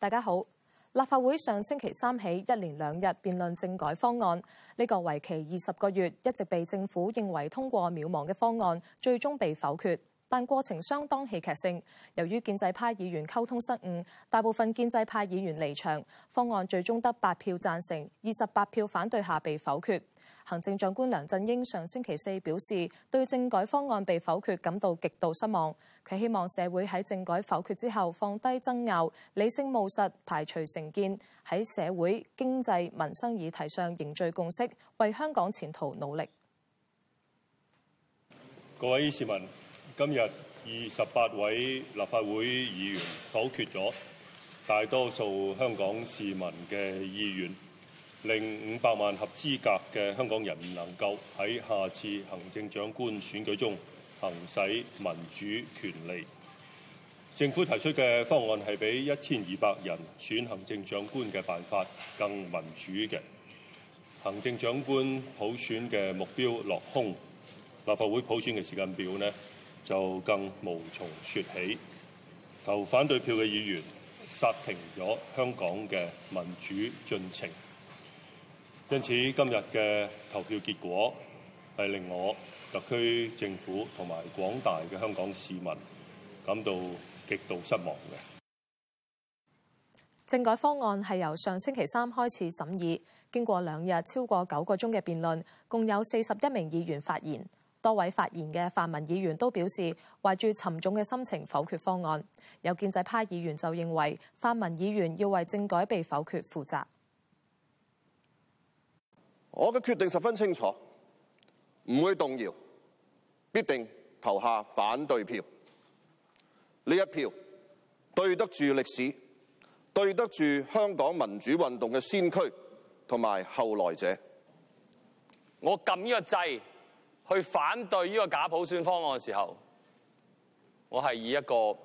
大家好，立法會上星期三起一連兩日辯論政改方案，呢、這個為期二十個月一直被政府認為通過渺茫嘅方案，最終被否決。但過程相當戲劇性，由於建制派議員溝通失誤，大部分建制派議員離場，方案最終得八票贊成，二十八票反對下被否決。行政長官梁振英上星期四表示，對政改方案被否決感到極度失望。佢希望社會喺政改否決之後放低爭拗，理性務實，排除成見，喺社會經濟民生議題上凝聚共識，為香港前途努力。各位市民，今日二十八位立法會議員否決咗大多數香港市民嘅意願。令五百萬合資格嘅香港人唔能夠喺下次行政長官選舉中行使民主權利。政府提出嘅方案係比一千二百人選行政長官嘅辦法更民主嘅。行政長官普選嘅目標落空，立法會普選嘅時間表呢就更無從説起。投反對票嘅議員殺停咗香港嘅民主進程。因此，今日嘅投票結果係令我特區政府同埋廣大嘅香港市民感到極度失望嘅。政改方案係由上星期三開始審議，經過兩日超過九個鐘嘅辯論，共有四十一名議員發言。多位發言嘅泛民議員都表示，懷住沉重嘅心情否決方案。有建制派議員就認為泛民議員要為政改被否決負責。我嘅決定十分清楚，唔會動搖，必定投下反對票。呢一票對得住歷史，對得住香港民主運動嘅先驅同埋後來者。我撳呢個掣去反對呢個假普選方案嘅時候，我係以一個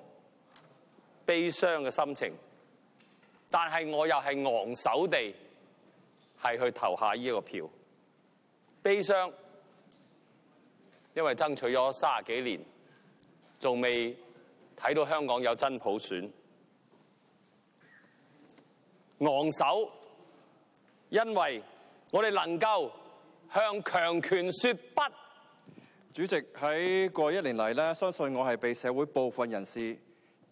悲傷嘅心情，但係我又係昂首地。係去投下呢個票，悲傷，因為爭取咗三十幾年，仲未睇到香港有真普選。昂首，因為我哋能夠向強權說不。主席，喺過一年嚟咧，相信我係被社會部分人士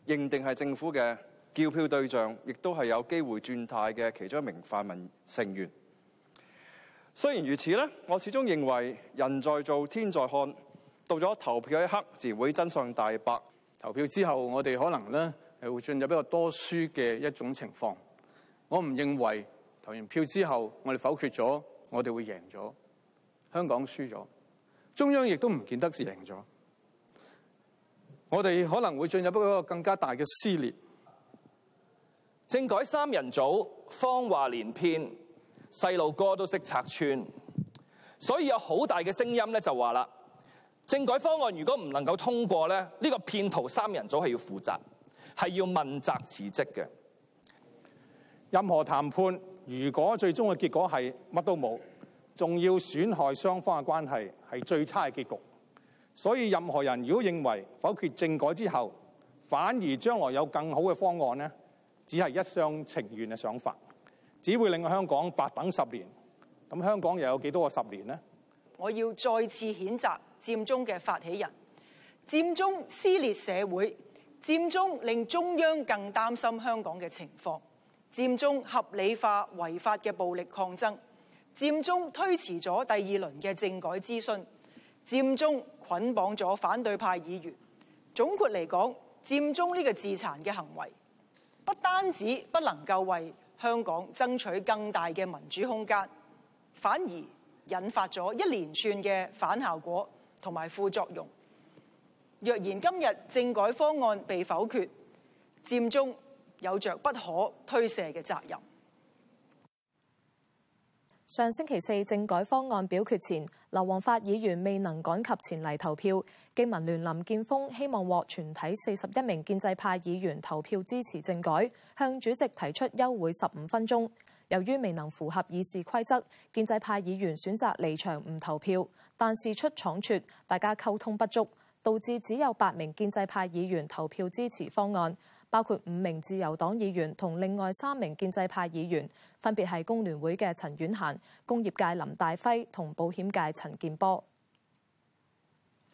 認定係政府嘅叫票對象，亦都係有機會轉態嘅其中一名泛民成員。雖然如此咧，我始終認為人在做天在看。到咗投票一刻，自然會真相大白。投票之後，我哋可能咧係會進入比較多輸嘅一種情況。我唔認為投完票之後，我哋否決咗，我哋會贏咗。香港輸咗，中央亦都唔見得是贏咗。我哋可能會進入一個更加大嘅撕裂。政改三人組謊話連篇。細路哥都識拆穿，所以有好大嘅聲音咧，就話啦：政改方案如果唔能夠通過咧，呢個騙徒三人組係要負責，係要問責辭職嘅。任何談判，如果最終嘅結果係乜都冇，仲要損害雙方嘅關係，係最差嘅結局。所以任何人如果認為否決政改之後，反而將來有更好嘅方案呢，只係一廂情願嘅想法。只會令香港白等十年，咁香港又有幾多個十年呢？我要再次譴責佔中嘅發起人，佔中撕裂社會，佔中令中央更擔心香港嘅情況，佔中合理化違法嘅暴力抗爭，佔中推遲咗第二輪嘅政改諮詢，佔中捆綁咗反對派議員。總括嚟講，佔中呢個自殘嘅行為，不單止不能夠為香港爭取更大嘅民主空間，反而引發咗一連串嘅反效果同埋副作用。若然今日政改方案被否決，佔中有著不可推卸嘅責任。上星期四政改方案表決前，劉皇發議員未能趕及前嚟投票。經民聯林健鋒希望獲全體四十一名建制派議員投票支持政改，向主席提出休會十五分鐘。由於未能符合議事規則，建制派議員選擇離場唔投票。但事出倉促，大家溝通不足，導致只有八名建制派議員投票支持方案。包括五名自由黨議員同另外三名建制派議員，分別係工聯會嘅陳婉嫻、工業界林大輝同保險界陳建波。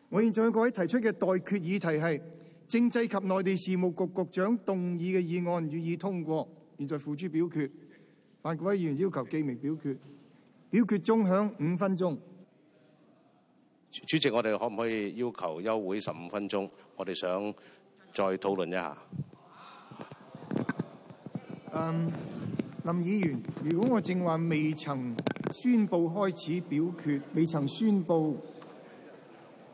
我現在向各位提出嘅代決議題係政制及內地事務局局長動議嘅議案，予以通過。現在付諸表決。法規議員要求記名表決。表決鐘響五分鐘。主席，我哋可唔可以要求休會十五分鐘？我哋想再討論一下。林議員，如果我正話未曾宣佈開始表決，未曾宣佈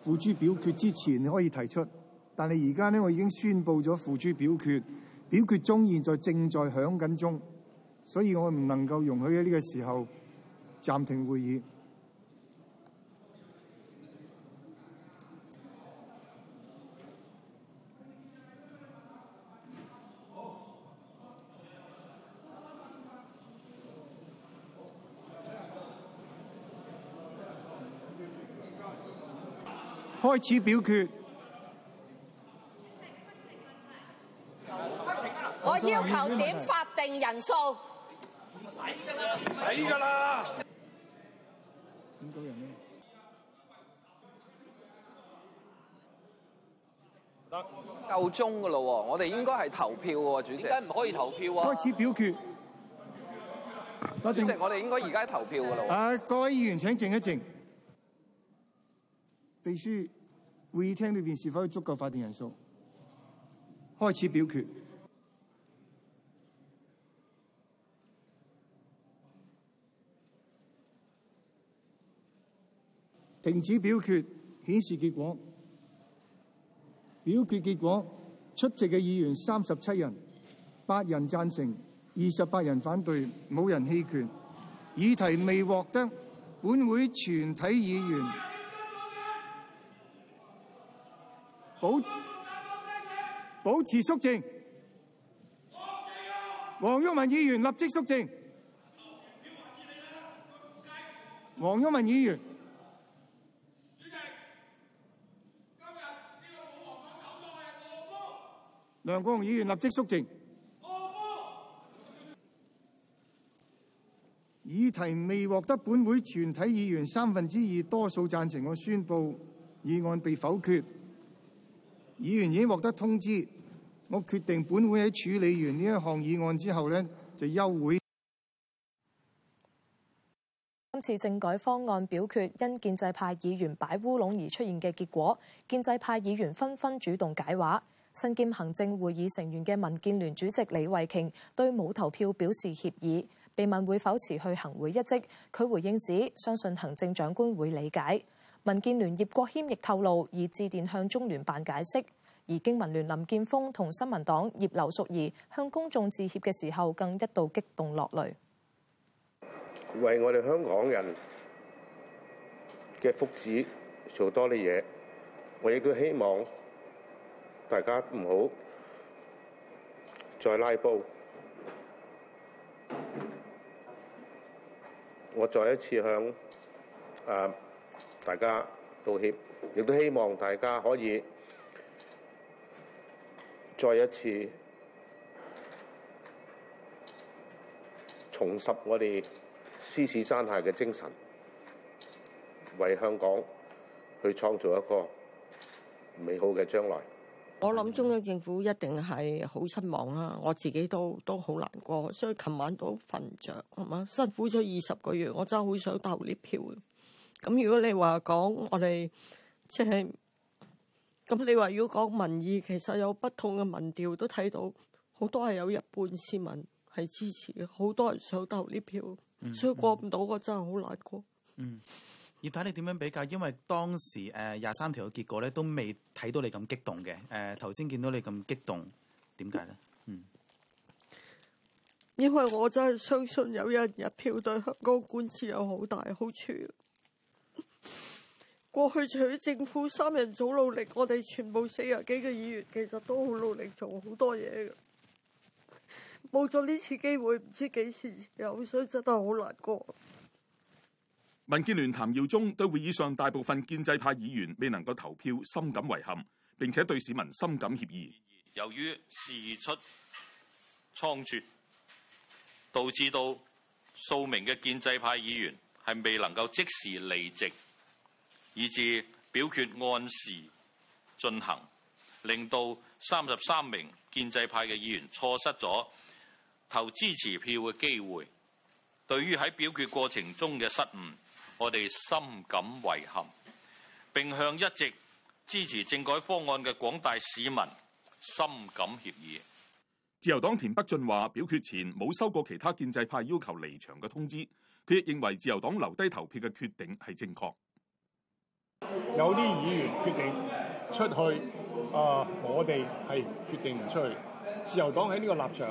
付諸表決之前你可以提出，但係而家咧，我已經宣佈咗付諸表決，表決中現在正在響緊鐘，所以我唔能夠容許喺呢個時候暫停會議。開始表決。我要求點法定人數？唔使㗎啦！唔使㗎啦！唔夠人咩？夠鐘㗎啦！我哋應該係投票㗎喎，主席。而家唔可以投票啊！開始表決。主席，我哋應該而家投票㗎啦。啊，各位議員請靜一靜。秘書會議廳裏邊是否有足夠法定人數？開始表決。停止表決，顯示結果。表決結果，出席嘅議員三十七人，八人贊成，二十八人反對，冇人棄權。議題未獲得本會全體議員。保持肅靜，黃毓民議員立即肅靜。黃毓民議員，梁國雄議員立即肅靜。議題未獲得本會全體議員三分之二多數贊成，我宣布議案被否決。議員已經獲得通知，我決定本會喺處理完呢一項議案之後呢，就休會。今次政改方案表決因建制派議員擺烏龍而出現嘅結果，建制派議員紛紛主動解話。身兼行政會議成員嘅民建聯主席李慧瓊對冇投票表示歉意，被問會否辭去行會一職，佢回應指相信行政長官會理解。民建聯葉國謙亦透露已致電向中聯辦解釋，而經民聯林健鋒、同新聞黨葉劉淑儀向公眾致歉嘅時候，更一度激動落淚。為我哋香港人嘅福祉做多啲嘢，我亦都希望大家唔好再拉布。我再一次向啊大家道歉，亦都希望大家可以再一次重拾我哋獅子山下嘅精神，為香港去創造一個美好嘅將來。我諗中央政府一定係好失望啦，我自己都都好難過，所以琴晚都瞓唔著，係嘛？辛苦咗二十個月，我真係好想投啲票。咁如果你話講我哋即係咁，就是、你話如果講民意，其實有不同嘅民調都睇到，好多係有一半市民係支持嘅，好多人想投呢票、嗯，所以過唔到我真係好難過。嗯，葉太，你點樣比較？因為當時誒廿三條嘅結果咧，都未睇到你咁激動嘅。誒、呃，頭先見到你咁激動，點解咧？嗯，因為我真係相信有一人一票對香港管治有好大好處。過去除咗政府三人組努力，我哋全部四廿幾個議員其實都好努力做，做好多嘢嘅。冇咗呢次機會，唔知幾時有，所以真係好難過。民建聯譚耀宗對會議上大部分建制派議員未能夠投票，深感遺憾，並且對市民深感歉意。由於事出倉促，導致到數名嘅建制派議員係未能夠即時離席。以致表決按時進行，令到三十三名建制派嘅議員錯失咗投支持票嘅機會。對於喺表決過程中嘅失誤，我哋深感遺憾，並向一直支持政改方案嘅廣大市民深感歉意。自由黨田北俊話：表決前冇收過其他建制派要求離場嘅通知。佢亦認為自由黨留低投票嘅決定係正確。有啲議員決定出去，啊、呃！我哋係決定唔出去。自由黨喺呢個立場，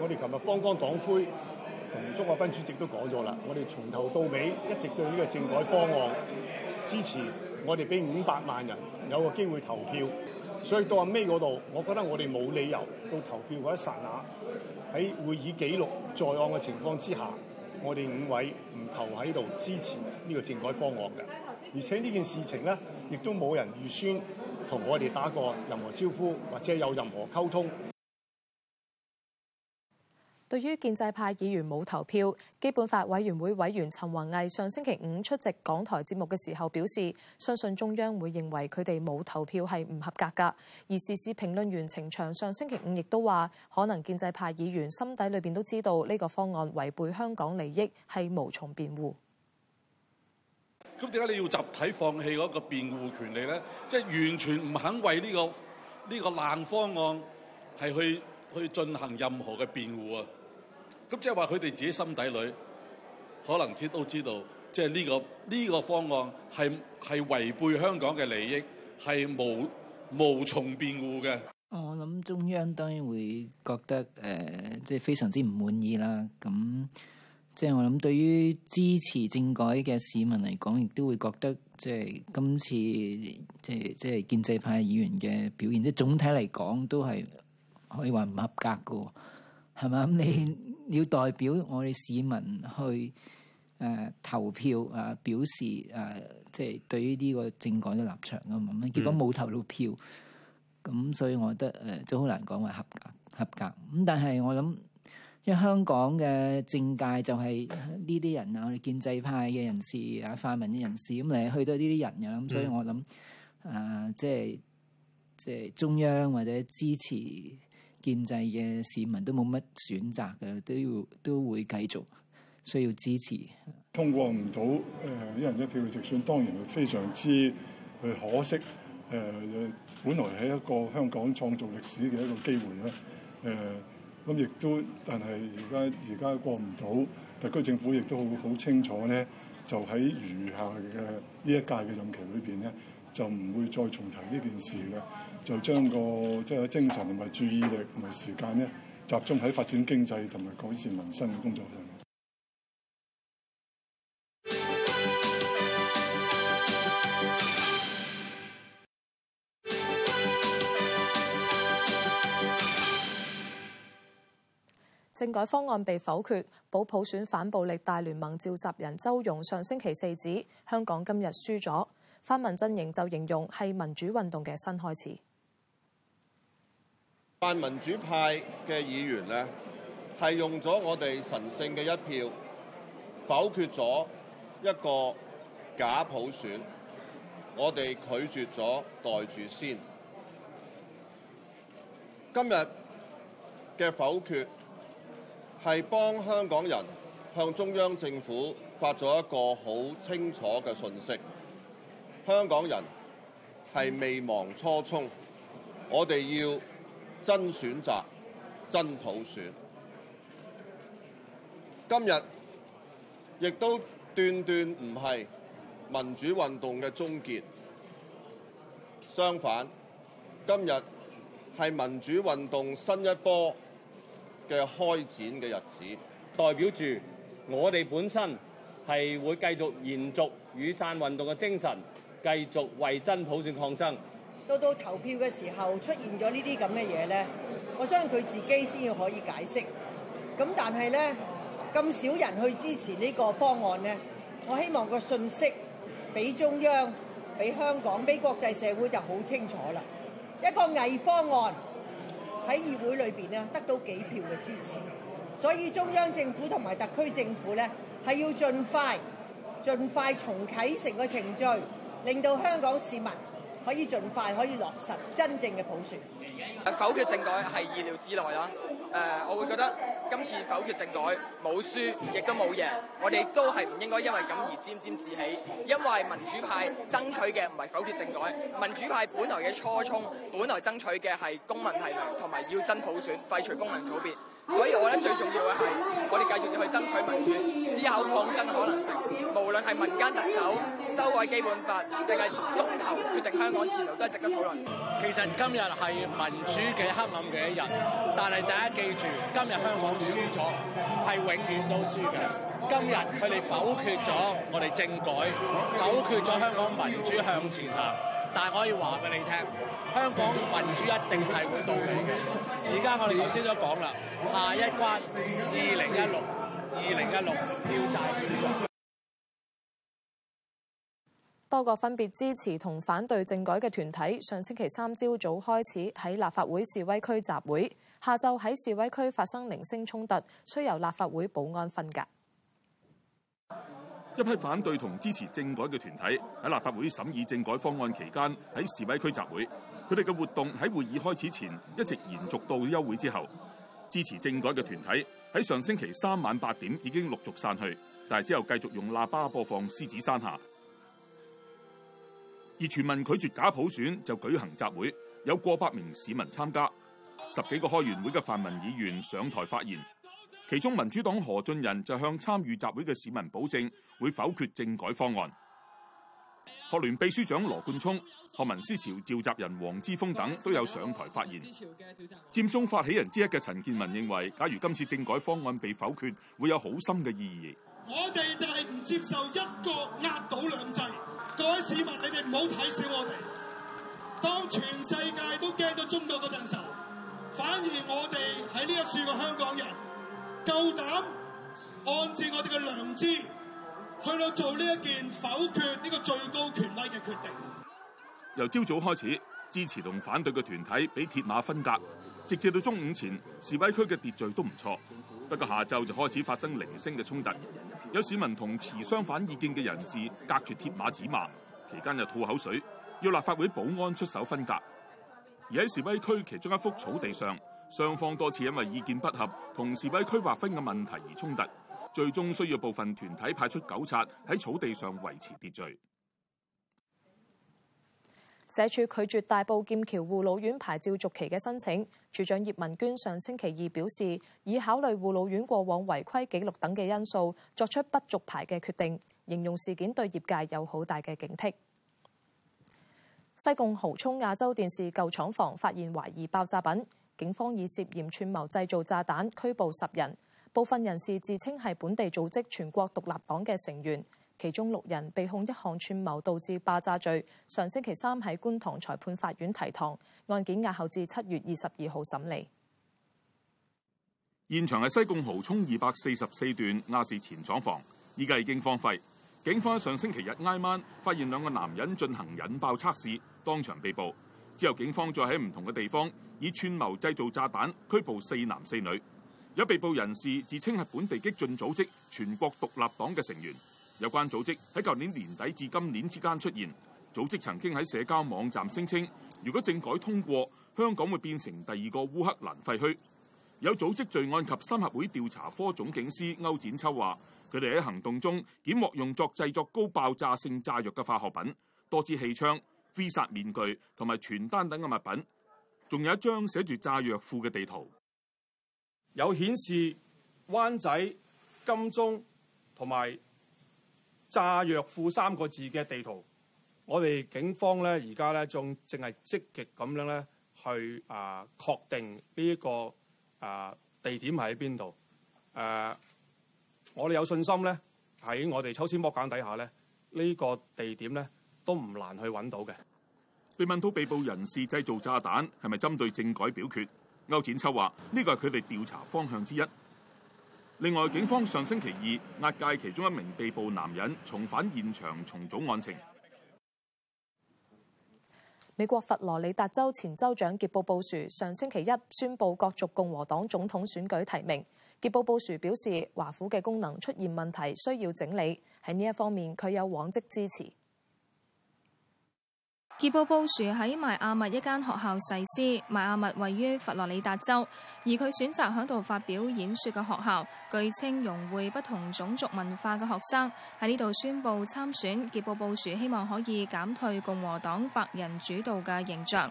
我哋琴日方剛黨魁同鍾國斌主席都講咗啦。我哋從頭到尾一直對呢個政改方案支持。我哋俾五百萬人有個機會投票，所以到阿尾嗰度，我覺得我哋冇理由到投票嗰一剎那，喺會議記錄在案嘅情況之下，我哋五位唔投喺度支持呢個政改方案嘅。而且呢件事情呢，亦都冇人預先同我哋打過任何招呼，或者有任何溝通。對於建制派議員冇投票，基本法委員會委員陳弘毅上星期五出席港台節目嘅時候表示，相信中央會認為佢哋冇投票係唔合格㗎。而時事評論員程翔上星期五亦都話，可能建制派議員心底裏面都知道呢個方案違背香港利益，係無從辯護。咁點解你要集體放棄嗰個辯護權利咧？即係完全唔肯為呢個呢個爛方案係去去進行任何嘅辯護啊！咁即係話佢哋自己心底裏可能知都知道，即係呢個呢個方案係係違背香港嘅利益，係無無從辯護嘅。我諗中央當然會覺得誒，即係非常之唔滿意啦。咁。即、就、係、是、我諗，對於支持政改嘅市民嚟講，亦都會覺得，即係今次即係即係建制派議員嘅表現，即係總體嚟講都係可以話唔合格㗎，係嘛？咁你要代表我哋市民去誒、呃、投票啊、呃，表示誒，即、呃、係、就是、對於呢個政改嘅立場咁樣，結果冇投到票，咁、嗯、所以我覺得誒都好難講話合格合格。咁但係我諗。因為香港嘅政界就係呢啲人啊，我哋建制派嘅人士啊，泛民嘅人士。咁你去到呢啲人嘅，咁所以我諗，誒、呃、即係即係中央或者支持建制嘅市民都冇乜選擇嘅，都要都會繼續需要支持。通過唔到誒、呃、一人一票嘅直選，當然係非常之誒可惜，誒、呃、本來係一個香港創造歷史嘅一個機會咧，誒、呃。咁亦都，但係而家而家過唔到，特區政府亦都好好清楚咧，就喺餘下嘅呢一屆嘅任期裏邊咧，就唔會再重提呢件事啦，就將個即係精神同埋注意力同埋時間咧，集中喺發展經濟同埋改善民生嘅工作上。政改方案被否決，保普選反暴力大聯盟召集人周融上星期四指香港今日輸咗，泛民陣營就形容係民主運動嘅新開始。泛民主派嘅議員咧，係用咗我哋神聖嘅一票否決咗一個假普選，我哋拒絕咗待住先，今日嘅否決。係幫香港人向中央政府發咗一個好清楚嘅訊息，香港人係未忘初衷，我哋要真選擇、真普選。今日亦都斷斷唔係民主運動嘅終結，相反，今日係民主運動新一波嘅開展嘅日子，代表住我哋本身係會繼續延續雨傘運動嘅精神，繼續為真普選抗爭。到到投票嘅時候出現咗呢啲咁嘅嘢咧，我相信佢自己先至可以解釋。咁但係咧，咁少人去支持呢個方案咧，我希望個訊息俾中央、俾香港、俾國際社會就好清楚啦。一個偽方案。喺議會裏邊咧得到幾票嘅支持，所以中央政府同埋特區政府咧係要盡快、盡快重啟成個程序，令到香港市民可以盡快可以落實真正嘅普選。否決政改係意料之內啦。誒，我會覺得。今次否決政改冇輸亦都冇贏。我哋都係唔應該因為咁而沾沾自喜，因為民主派爭取嘅唔係否決政改，民主派本來嘅初衷，本來爭取嘅係公民提名同埋要真普選，廢除功能組別。所以我覺得最重要嘅係，我哋繼續要去爭取民主，思考抗爭可能性。無論係民間特首修改基本法，定係中央決定香港前途，都係值得討論。其實今日係民主嘅黑暗嘅一日，但係大家記住，今日香港輸咗，係永遠都輸嘅。今日佢哋否決咗我哋政改，否決咗香港民主向前行，但係我可以話俾你聽。香港民主一定係會到嚟嘅。而家我哋要先都講啦，下一關二零一六、二零一六票債。多個分別支持同反對政改嘅團體，上星期三朝早，早開始喺立法會示威區集會，下晝喺示威區發生零星衝突，需由立法會保安分隔。一批反對同支持政改嘅團體喺立法會審議政改方案期間，喺示威區集會。佢哋嘅活動喺會議開始前一直延續到休會之後，支持政改嘅團體喺上星期三晚八點已經陸續散去，但係之後繼續用喇叭播放《獅子山下》。而全民拒絕假普選就舉行集會，有過百名市民參加，十幾個開完會嘅泛民議員上台發言，其中民主黨何俊仁就向參與集會嘅市民保證會否決政改方案。學聯秘書長羅冠聰、學民思潮召集人黃之鋒等都有上台發言。佔中發起人之一嘅陳健民認為，假如今次政改方案被否決，會有好深嘅意義。我哋就係唔接受一國壓倒兩制。各位市民，你哋唔好睇小我哋。當全世界都驚到中國嗰陣時候，反而我哋喺呢一處嘅香港人夠膽按照我哋嘅良知。去到做呢一件否決呢個最高權威嘅決定。由朝早開始，支持同反對嘅團體俾鐵馬分隔，直至到中午前，示威區嘅秩序都唔錯。不過下晝就開始發生零星嘅衝突，有市民同持相反意見嘅人士隔住鐵馬指罵，期間又吐口水，要立法會保安出手分隔。而喺示威區其中一幅草地上，雙方多次因為意見不合同示威區劃分嘅問題而衝突。最終需要部分團體派出糾察喺草地上維持秩序。社署拒絕大埔劍橋護老院牌照續期嘅申請，署長葉文娟上星期二表示，以考慮護老院過往違規記錄等嘅因素，作出不續牌嘅決定，形容事件對業界有好大嘅警惕。西貢蠔涌亞洲電視舊廠房發現懷疑爆炸品，警方以涉嫌串謀製造炸彈拘捕十人。部分人士自稱係本地組織全國獨立黨嘅成員，其中六人被控一項串謀導致爆炸罪。上星期三喺觀塘裁判法院提堂，案件押後至七月二十二號審理。現場係西貢蠔涌二百四十四段亞視前廠房，依家已經荒廢。警方喺上星期日挨晚發現兩個男人進行引爆測試，當場被捕。之後警方再喺唔同嘅地方以串謀製造炸彈，拘捕四男四女。有被捕人士自稱係本地激進組織全國獨立黨嘅成員。有關組織喺舊年年底至今年之間出現。組織曾經喺社交網站聲稱，如果政改通過，香港會變成第二個烏克蘭廢墟。有組織罪案及三合會調查科總警司歐展秋話，佢哋喺行動中檢獲用作製作高爆炸性炸藥嘅化學品多次氣槍、多支氣槍、飛殺面具同埋傳單等嘅物品，仲有一張寫住炸藥庫嘅地圖。有顯示灣仔、金鐘同埋炸藥庫三個字嘅地圖，我哋警方咧而家咧仲正係積極咁樣咧去啊確定呢一個啊地點喺邊度？誒，我哋有信心咧喺我哋抽絲剝繭底下咧，呢個地點咧都唔難去揾到嘅。被問到被捕人士製造炸彈係咪針對政改表決？歐展秋話：呢個係佢哋調查方向之一。另外，警方上星期二押解其中一名被捕男人，重返現場重組案情。美國佛羅里達州前州長傑布·布殊上星期一宣布角逐共和黨總統選舉提名。傑布·布殊表示，華府嘅功能出現問題，需要整理喺呢一方面，佢有往績支持。傑布布殊喺邁阿密一間學校誓師，邁阿密位於佛羅里達州，而佢選擇喺度發表演説嘅學校，據稱融會不同種族文化嘅學生喺呢度宣佈參選。傑布布殊希望可以減退共和黨白人主導嘅形象。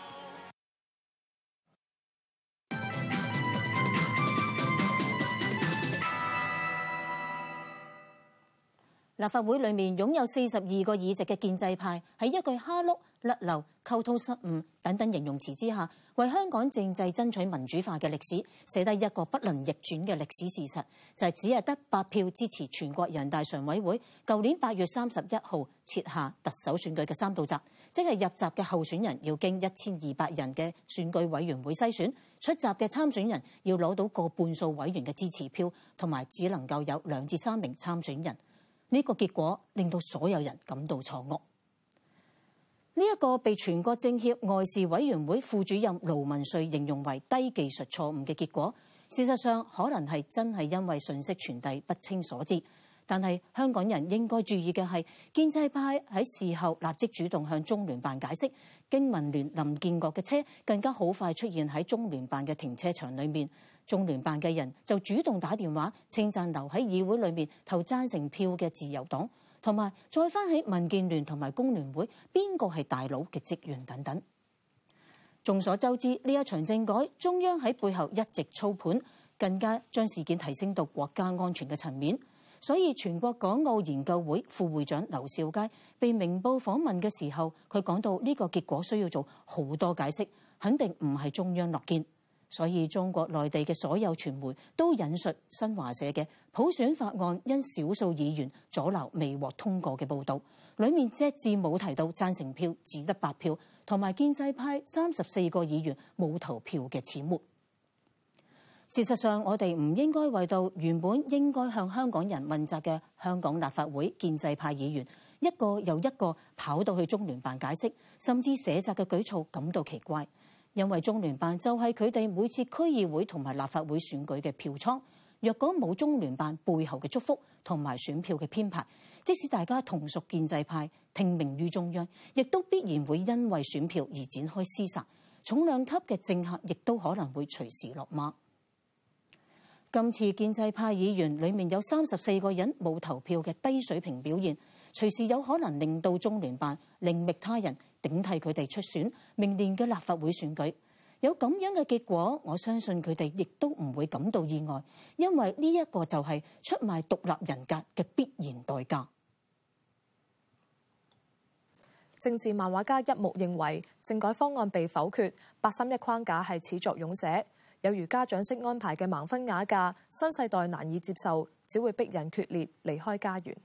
立法會裏面擁有四十二個議席嘅建制派，喺一句蝦碌甩流溝通失誤等等形容詞之下，為香港政制爭取民主化嘅歷史，寫低一個不能逆轉嘅歷史事實，就係、是、只係得八票支持全國人大常委會舊年八月三十一號設下特首選舉嘅三道閘，即係入閘嘅候選人要經一千二百人嘅選舉委員會篩選，出閘嘅參選人要攞到過半數委員嘅支持票，同埋只能夠有兩至三名參選人。呢、這個結果令到所有人感到錯愕。呢、這、一個被全國政協外事委員會副主任盧文瑞形容為低技術錯誤嘅結果，事實上可能係真係因為信息傳遞不清所致。但係香港人應該注意嘅係，建制派喺事後立即主動向中聯辦解釋，經民聯林建國嘅車更加好快出現喺中聯辦嘅停車場裏面。中聯辦嘅人就主動打電話稱讚留喺議會裏面投贊成票嘅自由黨，同埋再翻起民建聯同埋工聯會邊個係大佬嘅職員等等。眾所周知，呢一場政改，中央喺背後一直操盤，更加將事件提升到國家安全嘅層面。所以全國港澳研究會副會長劉兆佳被明報訪問嘅時候，佢講到呢個結果需要做好多解釋，肯定唔係中央樂見。所以中國內地嘅所有傳媒都引述新華社嘅普選法案因少數議員阻撓未獲通過嘅報導，裡面隻字冇提到贊成票只得八票，同埋建制派三十四個議員冇投票嘅始末。事實上，我哋唔應該為到原本應該向香港人問責嘅香港立法會建制派議員一個又一個跑到去中聯辦解釋，甚至寫責嘅舉措感到奇怪。因為中聯辦就係佢哋每次區議會同埋立法會選舉嘅票倉，若果冇中聯辦背後嘅祝福同埋選票嘅編排，即使大家同屬建制派，聽命於中央，亦都必然會因為選票而展開廝殺。重量級嘅政客亦都可能會隨時落馬。今次建制派議員裡面有三十四個人冇投票嘅低水平表現，隨時有可能令到中聯辦另覓他人，頂替佢哋出選明年嘅立法會選舉，有咁樣嘅結果，我相信佢哋亦都唔會感到意外，因為呢一個就係出賣獨立人格嘅必然代價。政治漫畫家一木認為政改方案被否決，八三一框架係始作俑者，有如家長式安排嘅盲婚啞嫁，新世代難以接受，只會逼人決裂離開家園。